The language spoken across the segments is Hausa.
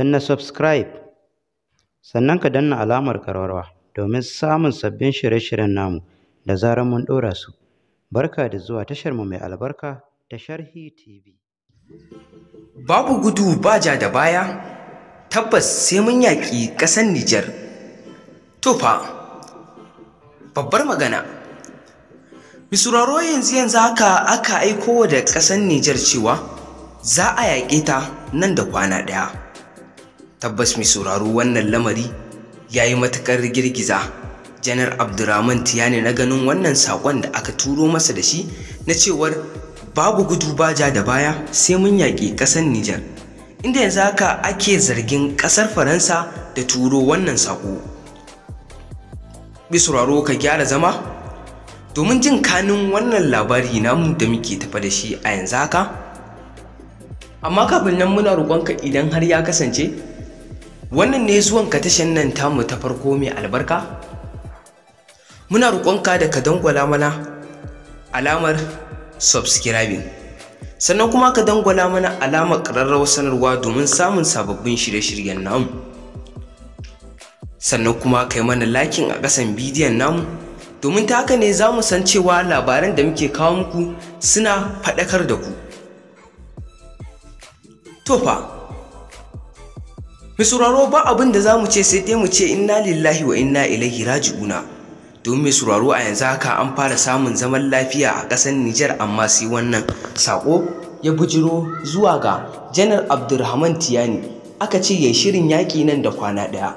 na subscribe sannan ka danna alamar karwarwa domin samun sabbin shirye-shiryen namu da zarar mun ɗora su barka da zuwa tashar mu mai albarka ta sharhi tv babu gudu ba ja da baya tabbas sai mun yaƙi ƙasar nijar tufa babbar magana misuraro yanzu yanzu haka aka aiko da ƙasar Nijar cewa za a yaƙe ta nan da kwana ɗaya. tabbas mai sauraro wannan lamari ya yi matuƙar girgiza janar abdurrahman tiyani na ganin wannan saƙon da aka turo masa da shi na cewar babu gudu baja da baya sai mun yaƙi ƙasar nijar inda yanzu haka ake zargin ƙasar faransa da turo wannan saƙo bi sauraro ka gyara zama domin jin kanin wannan labari namu da muke tafa da shi a yanzu haka amma kafin nan muna roƙonka idan har ya kasance wannan ne zuwan ka tashan nan tamu ta farko mai albarka muna roƙonka da ka dangwala mana alamar subscribing sannan kuma ka dangwala mana alamar ƙararrawar sanarwa domin samun sababbin shirye-shiryen namu sannan kuma ka yi mana lakin a ƙasan bidiyon namu domin ta haka ne za mu san cewa labaran da muke kawo muku suna faɗakar da ku. Tofa, mai sauraro ba abin da za mu ce sai dai mu ce inna lillahi wa inna ilaihi raji'una domin mai sauraro a yanzu haka an fara samun zaman lafiya a ƙasar Nijar amma sai wannan sako ya bujiro zuwa ga janar Abdulrahman Tiyani aka ce yayi shirin yaƙi nan da kwana ɗaya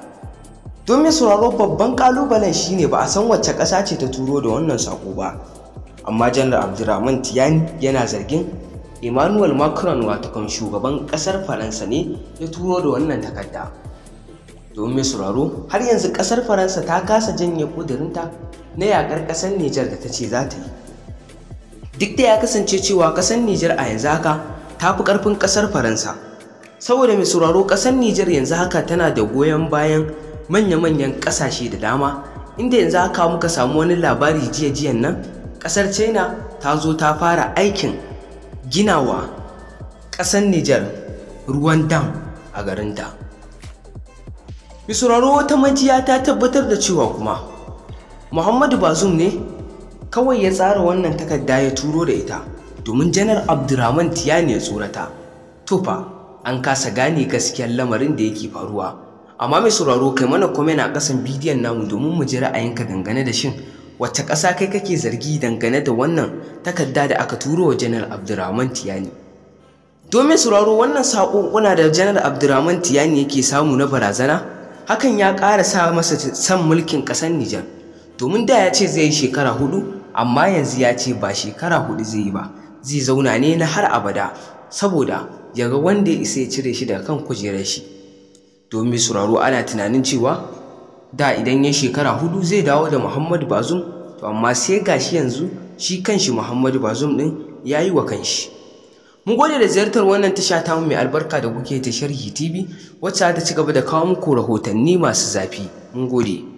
domin sauraro babban ƙalubalen shine ba a san wacce ƙasa ce ta turo da wannan sako ba amma janar Abdurrahman Tiyani yana zargin emmanuel macron kan shugaban kasar faransa ne ya turo da wannan takarda domin sauraro har yanzu kasar faransa ta kasa janye kudurinta na yakar kasar nijar da ta ce za ta yi duk da ya kasance cewa kasar nijar a yanzu haka ta fi karfin kasar faransa saboda mai sauraro kasar nijar yanzu haka tana da goyon bayan manya-manyan kasashe da dama inda yanzu haka muka samu wani labari jiya-jiyan nan kasar china ta zo ta fara aikin ginawa ƙasar Nijar ruwan dam a garinta. Misuraro wata majiya ta tabbatar da cewa kuma Muhammadu Bazum ne kawai ya tsara wannan takarda ya turo da ita domin janar Abdulrahman Tiyani ya tsorata. tufa an kasa gane gaskiyar lamarin da yake faruwa. Amma mai sauraro kai mana kome na ƙasan bidiyon namu domin mu ji ra'ayinka dangane da shin wacce ƙasa kai kake zargi dangane da wannan takarda da aka turo wa janar abdurrahman tiyani domin sauraro wannan saƙonƙuna da janar abdurrahman tiyani yake samu na barazana hakan ya ƙara sa masa san mulkin ƙasar nijar domin da ya ce zai yi shekara hudu amma yanzu ya ce ba shekara hudu zai yi ba zai zauna ne na har abada saboda ya ga wanda ya isa ya cire shi daga kan kujerar shi domin sauraro ana tunanin cewa da idan ya shekara hudu zai dawo da muhammadu bazum to amma sai gashi yanzu shi kanshi muhammadu bazum din ya yi wa kanshi Mun gode da ziyartar wannan tasha ta mai albarka da kuke ta sharhi tv wacce ta ci gaba da kawo muku rahotanni masu zafi mun gode